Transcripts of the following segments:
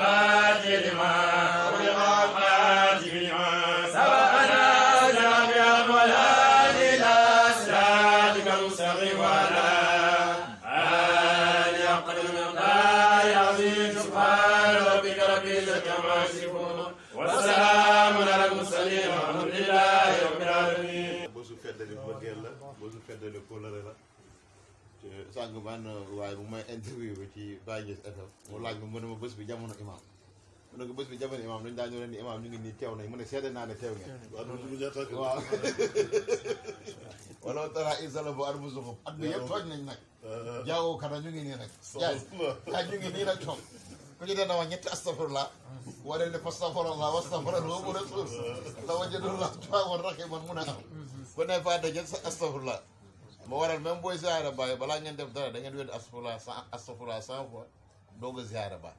الفاتح لما benn waaye bu may interview bi ci Baye Niass FM mu laaj ma mu ne ma bés bi jamono imaam mu ne ko bés bi jamono imaam dañ daa ñëw leen di imaam ñu ngi nii teew nañ mu ne seede naa ne teew ngeen waaw wala tara isala bu arbu zuxub at bi yëpp tooj nañ nag jaawoo kana ñu ngi nii nag jaay kaa ñu ngi nii nag toog ku ci dana wax ñetti astafurlah warel ne fastafurallah wastafurallah bu rasul la am mm-hmm. ku ne faa dajal sa astafurlah moo waral même booy ziyaara baay balaa ngeen def dara da ngeen wéet astafurlah cent astafurlah cent fois doog a ziyaara baay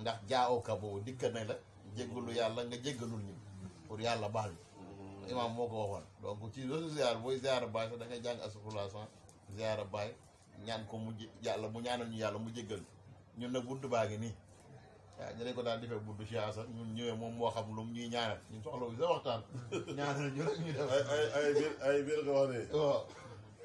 ndax jaawoo ka boobu dikk na la jéggalu yàlla nga jéggalul ñu pour yàlla baal ñu imaam moo ko waxoon donc ci loolu ziyaar booy ziyaara baay sax da ngay jàng astafurlah cent ziyaara baay ñaan ko mu yàlla mu ñaanal ñu yàlla mu jéggal ñun nag buntu baa ngi nii waaw ñu ne ko daan defee buntu siyaas ak ñu ñëwee moom moo xam lu ñuy ñaanal ñu rek ñu def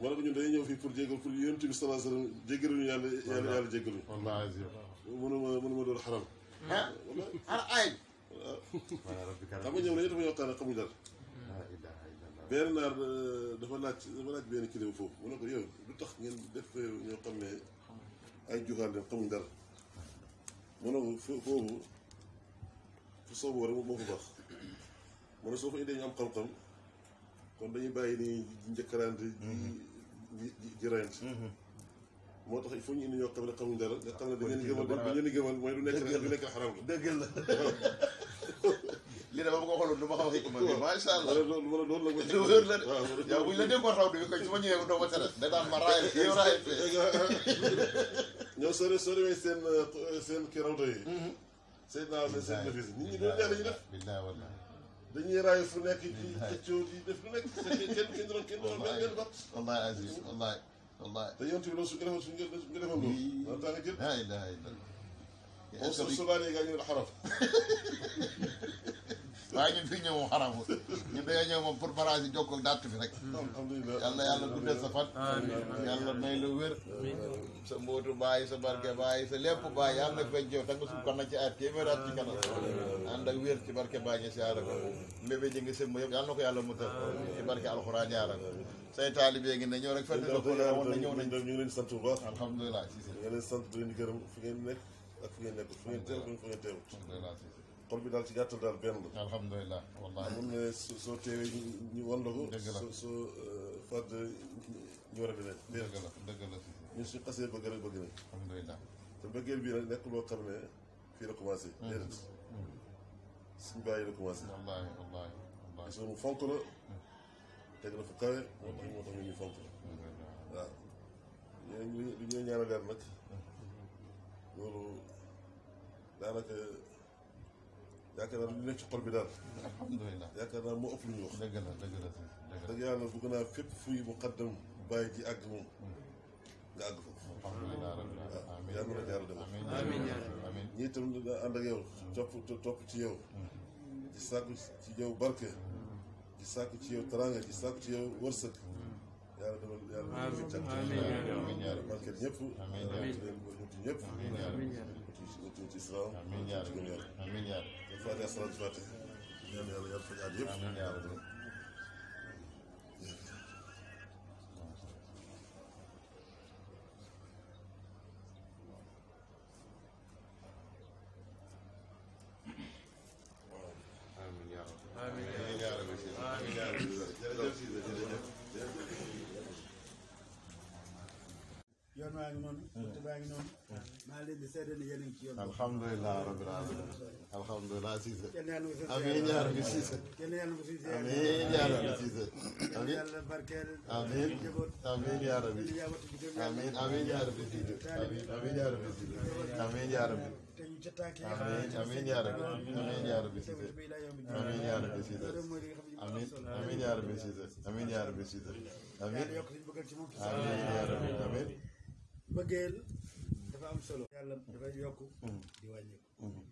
wala ñun dañuy ñëw fii pour jégal pour yonent bi sallallahu alayhi wasallam jégaluñu yàlla yàlla yàlla jégaluñu wallaahi mënuma mënuma doon xaram dafa waxtaan xamuñ dara naar euh, dafa laaj dafa laaj foofu mu ko yow lu tax ngeen def ko yow ñoo xam ne ay juxaan leen xamuñ dara mu foofu fu soobu war moo fa baax mu indee ñu am xam-xam kon dañuy bàyyi ni njëkkarante ji mm-hmm. moo tax il faut ñu indi ñoo xam ne xamuñ dara nga xam ne dañu leen gëmal dañu leen gëmal mooy du nekk du nekk xaram la dëgg la lii dama ko xooloon du ma xam xikma bi macha allah loolu loolu la ko wër la yow buñ la dénkoon raw ma ñëwee doo ma tere da daan ma raay yow raay ñoo sori sori way seen seen ki rawdo yi mm-hmm. seen naa seen seen nafis nit ñi doon ñaan ñu def dañuy raay fu nekk ci xëccoo di def lu nekk kenn kenn doon kenn doon benn bopp. wallaay Aziz wallaay wallaay. te yonent bi loolu su ñu defoon su ñu defoon loolu. loolu daanaka kenn. laa ilaaha illallaah. moom su su laanee gaa ñu xaraf. waaye ñun fii ñëw moom xaraamul ñun dañoo ñëw moom pour barage yi jokkoo dàtt fi rek hmm, yàlla yàlla guddal sa fan yàlla may la wér sa mbootu bàyyi sa barke bàyyi sa lépp bàyyi yàlla nag fay jëw nga ko na ci at ci kanam wér ci barke bàyyi nga si aara ko mbébé ji nga sëmm yëpp yàlla na ko yàlla mu tëf ci barke alxuraan yaara ko say taalibe ngi ne ñëw rek fedd la ko woon na ñëw nañ ñu ngi leen sant bu gërëm fu ngeen nekk ak fu ngeen nekk fu ngeen teew fu ngeen teewut xol bi daal ci gàttal daal benn la. alhamdulilah wallaahi. mun ne soo teewee ñu wan la ko. dëgg la soo soo euh, fàdd euh, ñu war a demee. dëgg la dëgg la si. ñun suñu xasee bëgg rek bëgg nañ. alhamdulilah. te bëggeel la commencé. Mm. déedéet suñu bàyyi la commencé. wallaahi wallaahi mu fonk la. Mm. teg na fu kawe. moo tax yaakaar naa li nekk ci xol bi daal. alhamdulilah yaakaar naa moo ëpp lu ñu wax. dëgg la dëgg ji àgg mm. nga àgg foofu. alhamdulilah rabbil alamin ah, yàlla na jaara dem. amiin amiin ñii itam daa ànd ak yow. Mm. topp topp ci yow. Mm. ci yow barke. di sàkku ci yow teraanga ci yow wërsëg. yàlla demal yàlla. ñëpp leen ko ñuti ñëpp uti ci saw ci gën yàlla amiin yaa rabbi ñaan yàlla yàlla fa ñaan yëpp kon waa ngi noonu. waxtu baa ngi noonu. maa leen di seede ne yéen a ngi ci yoon. alhamdulilah rabbil alamin alhamdulilah Cissé. amiin ñaar bi Cissé. amiin ñaar bi Cissé. amiin amiin amiin ñaar bi. amiin amiin ñaar bi Cissé. amiin amiin ñaar bi Cissé. amiin ñaar bi. amiin amiin ñaar bi. amiin ñaar bi Cissé. amiin ñaar bi Cissé. amiin amiin ñaar bi Cissé. amiin ñaar bi Cissé. amiin amiin ñaar bi Cissé. amiin amiin ñaar bi Cissé. bëggeel dafa am solo yàlla dafay yokk di wàññeeku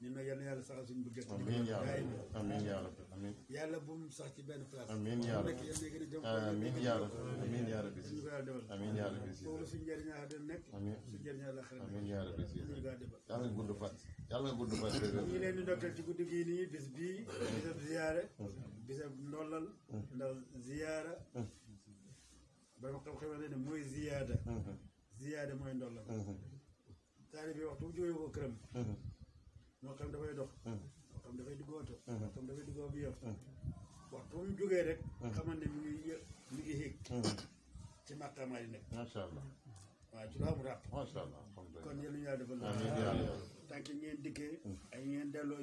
ñun nag yal na yàlla saxal suñu bëggeel amiin yàlla amiin yàlla bu mu sax ci benn place amiin yàlla nekk yéen gën a jëm amiin yàlla amiin yàlla bi suñu ko yàlla defal amiin yàlla bi foofu suñu njëriñ la dem nekk suñu njëriñ la xel amiin yàlla bi suñu ko defal yàlla gudd fan yàlla gudd fan ñu ngi leen di ndokkeel ci guddi gii nii bis bii mm. bisab ziyaare bisab ndollal mm. ndax ziyaara borom xam-xam wax ne mooy ziyaada mhm. ziyaada mooy ndollal mhm. taalibe bi waxtu jógee ko këram mhm. moo xam dafay dox moo xam dafay duggoo oto moo xam dafay duggoo bi yof waxtu mu jógee rek xamal ne mu ngi yë mu ngi yéeg ci màqaamaay nekk macha allah waaw ci lu amul ràpp. macha allah kon yéen ñu yàlla defal la. amiin yàlla tànk yi ngeen dikkee. ay a yàlla ba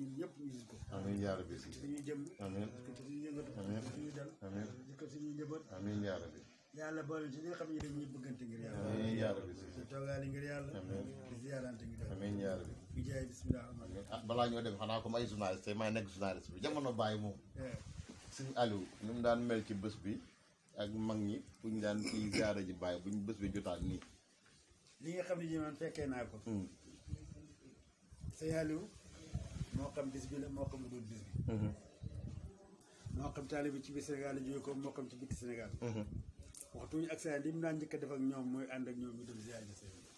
ñun ñëpp ñu gis ko. amiin yàlla bi si. suñuy jëm. amiin suñuy yëngatu. amiin suñuy dal. amiin suñuy njëbat. amiin yàlla bi. yàlla boole ci ñi nga xam ne dañuy bëggante ngir yàlla. amiin yàlla bi si. di toogaale ngir yàlla. amiin di ziyaarante ngir yàlla. amiin yàlla bi. bi jaay bisimilah. amiin ah, balaa ñoo dem xanaa comme ay journaliste tey may nekk journaliste bi jamono bàyyi moom. Eh. suñu Aliou ni daan mel ci bés bi ak mag ñi bu ñu daan ci ziyaara ji bàyyi bu ñu bés bi jotaat nii. li nga xam ne ñu fekkee naa ko. Hmm. Sëñ moo xam bis bi la moo xam dul bi. Hmm. moo bi ci biir Sénégal la jógee ko moo xam ci bitti Sénégal. Hmm. waxtu wi ak saa yi mu naan njëkk def ak ñoom mooy ànd ak ñoom ñu dem ziyaara ji sëñ mu ànd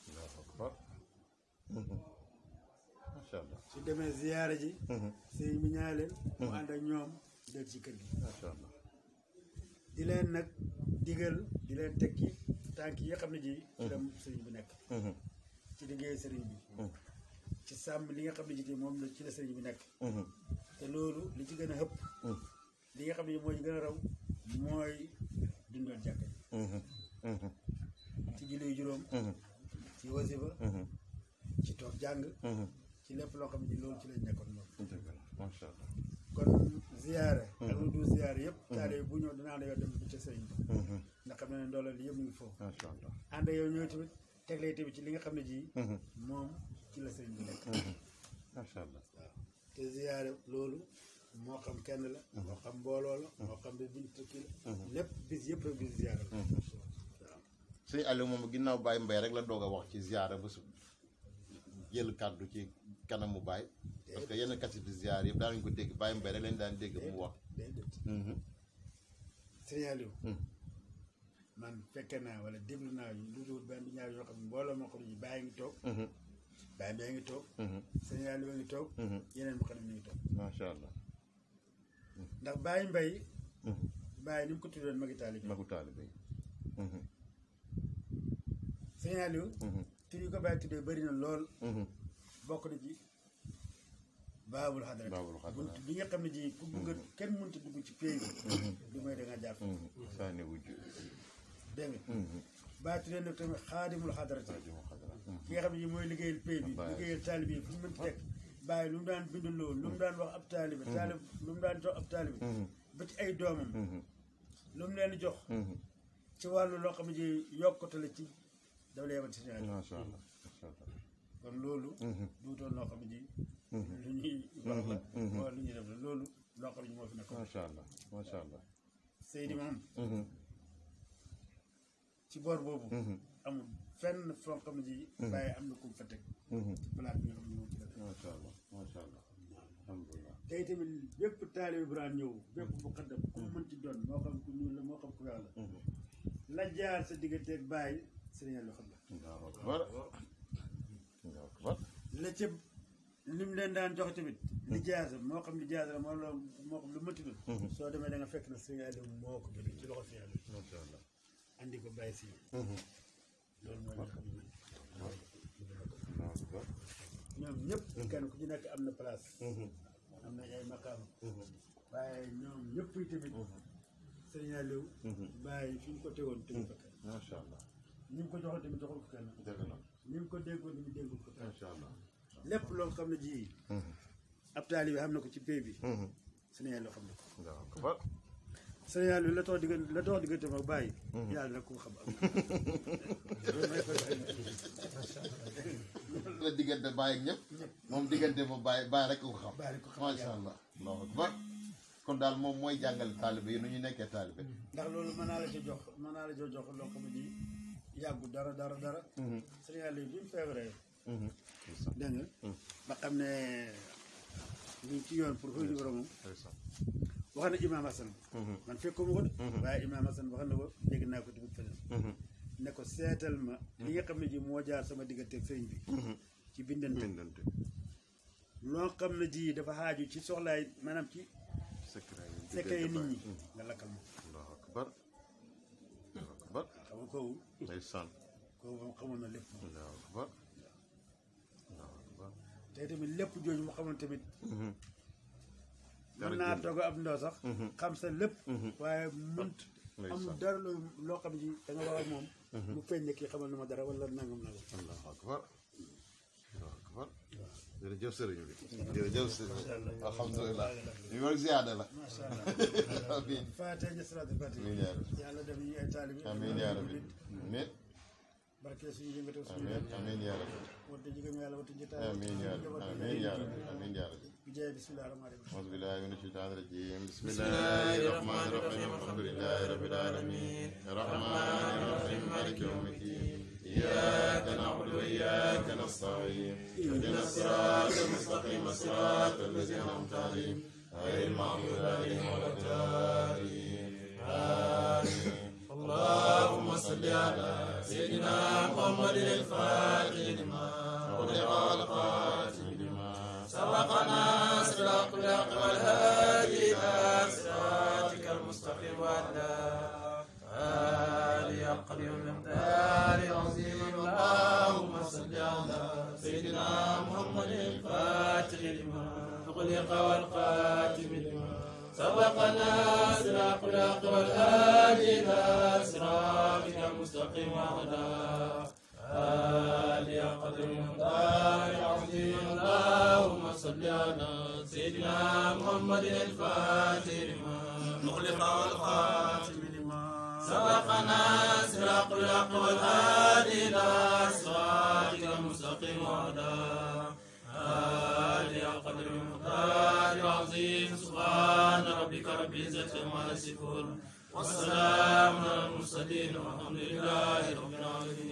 ak kër gi. macha allah. di leen nag digal di leen tekki tànk yi xam ne ji ci la sëriñ bi nekk ci liggéey sëriñ bi ci sàmm li nga xam ne ji moom la ci la sëriñ bi nekk te loolu li ci gën a ëpp li nga xam ne mooy gën a raw mooy dundal jàkk ci julli juróom ci wasifa ci toog jàng ci lépp loo xam ne ji loolu ci lañ nekkoon loolu macha allah ziyaare mhm. ak lu dul ziyaare yëpp taale mhm. bu ñëw ànd yow dem bi ca sëriñ bi mhm. ndax xam ne ne ndoolal li yëpp mu ngi foofu ànd yow ñëw teg lay tamit ci li nga xam ne ji moom ci la sëriñ bi nekk te ziyaare loolu moo xam kenn la moo xam mboolool moo xam ne biñ tukki la lépp bis yëpp rek bis ziyaare la waaw sëñ moom ginnaaw Baye mbay rek la doog a wax ci ziyaare ba su jël kàddu ci kanamu baay parce que yenn kasitu ziar yëpp daan nañu ko dégg bàyyi mbay rek lañu daan dégg mu wax. Mhm. sëñ mhm. man fekke naa wala déglu naa lu dul benn ñaar yoo xam ne mbooloo moo xam ne bàyyi ngi toog. bàyyi mhm. bee ngi toog. sëñ Aliou ngi toog. yeneen mu xam ne ngi toog. macha allah. ndax bàyyi mbay. bàyyi ni mu ko tuddoon Magu Taalibe. Magu Taalibe. sëñ Aliou. tur yi ko bàyyi tuddee bëri na lool. bokk na ci baabul xadra bunt bi nga xam ne ji ku bëgg mhm. kenn mënta dugg ci péey bi mhm. du may da nga jàpp mhm. saane wujj dégg nga baati leen nag tamit xaadimul xadra ki nga xam ne ji mooy liggéeyal péey bi liggéeyal taalibe yi fu mu mënti teg bàyyi lu mu daan bind lool lu mu daan wax ab taalibe taalibe lu mu daan jox ab taalibe ba ci ay doomam lu mu leen jox ci wàllu loo xam ne ji yokkute la ci dafa la yebal ci ñaar kon loolu. Mhm. duutoon loo xam ne ji. Mhm. lu ñuy wax la. Mhm. wala lu ñuy def la loolu loo xam ne moo fi nekk. macha allah macha allah. ci boor boobu. amul fenn foo xam ji. waaye am na ku fa teg. palaat bi nga xam ne moom ci la. macha allah macha alhamdulilah tey tamit bépp taalibe bu daan ñëw bépp bu xaddam ku mën doon moo xam ku ñuul la moo xam ku weex la. la jaar sa digganteeg bàyyi sëriñ loo xam la ca lim leen daan jox tamit. lijaasa hmm. moo xam lijaasa la moo la moo xam lu mëtti la. Hmm. soo demee da nga fekk na Sëñ Aliou moo ko bind ci loxo Sëñ Aliou. macha allah andi ko bàyyi si. Hmm. loolu mooy li xam ne. ñoom ñëpp. kenn ku ci nekk am na place. am na ay maqaam. waaye ñoom ñëpp yi tamit. Sëñ Aliou. bàyyi fi ñu ko teewoon tamit. macha allah. mu ko joxoon tamit joxul ko kenn. dëgg la mu ko ko kenn. lépp loolu xam ne ji. Mm-hmm. ab taali bi xam na ko ci pays bi. Mm-hmm. Sénégal loo xam ne ko. Sénégal bi la toog diggante la toog diggante ma bàyyi. Mm-hmm. yàlla ko xam am diggante bàyyi ak moom diggante ba bàyyi rek ko xam. ko xam macha kon daal moom mooy jàngal taalibe yi nu ñu nekkee taalibe. ndax loolu mën naa la jox mën naa la ci jox loo xam ne yàggu dara dara dara. Sénégal yi bi feebaree. dégg nga mm-hmm. ba xam ne ñu ngi ci yoon pour xëy na boromam wax na Imaam Hassan mm-hmm. man fekkuma ko de mm-hmm. waaye Imaam Hassan wax ne ko dégg naa ko tamit feneen ne ko seetal ma li nga xam ne ji moo jaar sama diggante sëñ bi ci bindante loo xam ne ji dafa xaaju ci soxlaay maanaam ci secret yi nit ñi nga lakkal ma Allahu akbar Allahu akbar te tamit lépp jooju mu xamoon tamit mhm. mën naa togg ab ndaw sax mhm. xam sa lépp mhm. waaye mënt am dara loo xam ji da nga wax moom mu feeñ kii xamal na ma dara wala nangam nangam allahu akbar allahu akbar jërëjëf sëriñ bi jërëjëf sëriñ bi alhamdulilah ñu war ziyaada la amiin faa tey jëstalaat fatiha yàlla def ay taalibi amiin yaa rabbi barke suñu yëngatu suñu amiin amiin yàlla wante jigéen yàlla wante njëtaay amiin yàlla amiin yàlla amiin yàlla bi jaay bismillahi rahmaani rahim auzu billahi min ashaytani rajim bismillahi rahmaani rahim alhamdulillahi rabbil alamin rahmaani rahim maliki yawmiddin إياك نعبد وإياك نستعين اهدنا الصراط المستقيم الصراط الذين أنعمت عليهم غير المغضوب عليهم ولا الضالين آمين اللهم صل على سيدنا محمد الفاتح لما أغلق الفاتح لما سبقنا صراط الحق والهادي إلى صراطك المستقيم وعلى آله حق المقدار عظيم اللهم صل على سيدنا محمد الفاتح لما أغلق والقاتم لما سبقنا صراط الحق والهادي إلى صراطك المستقيم وعلى عالي قدر مقدار عظيم اللهم صل على سيدنا محمد الفاتح مغلق والخاتم لما سبقنا سراق الحق والهادي الى صراطك المستقيم وعلى عالي قدر مقدار عظيم سبحان ربك رب العزه عما يصفون والسلام على المرسلين والحمد لله رب العالمين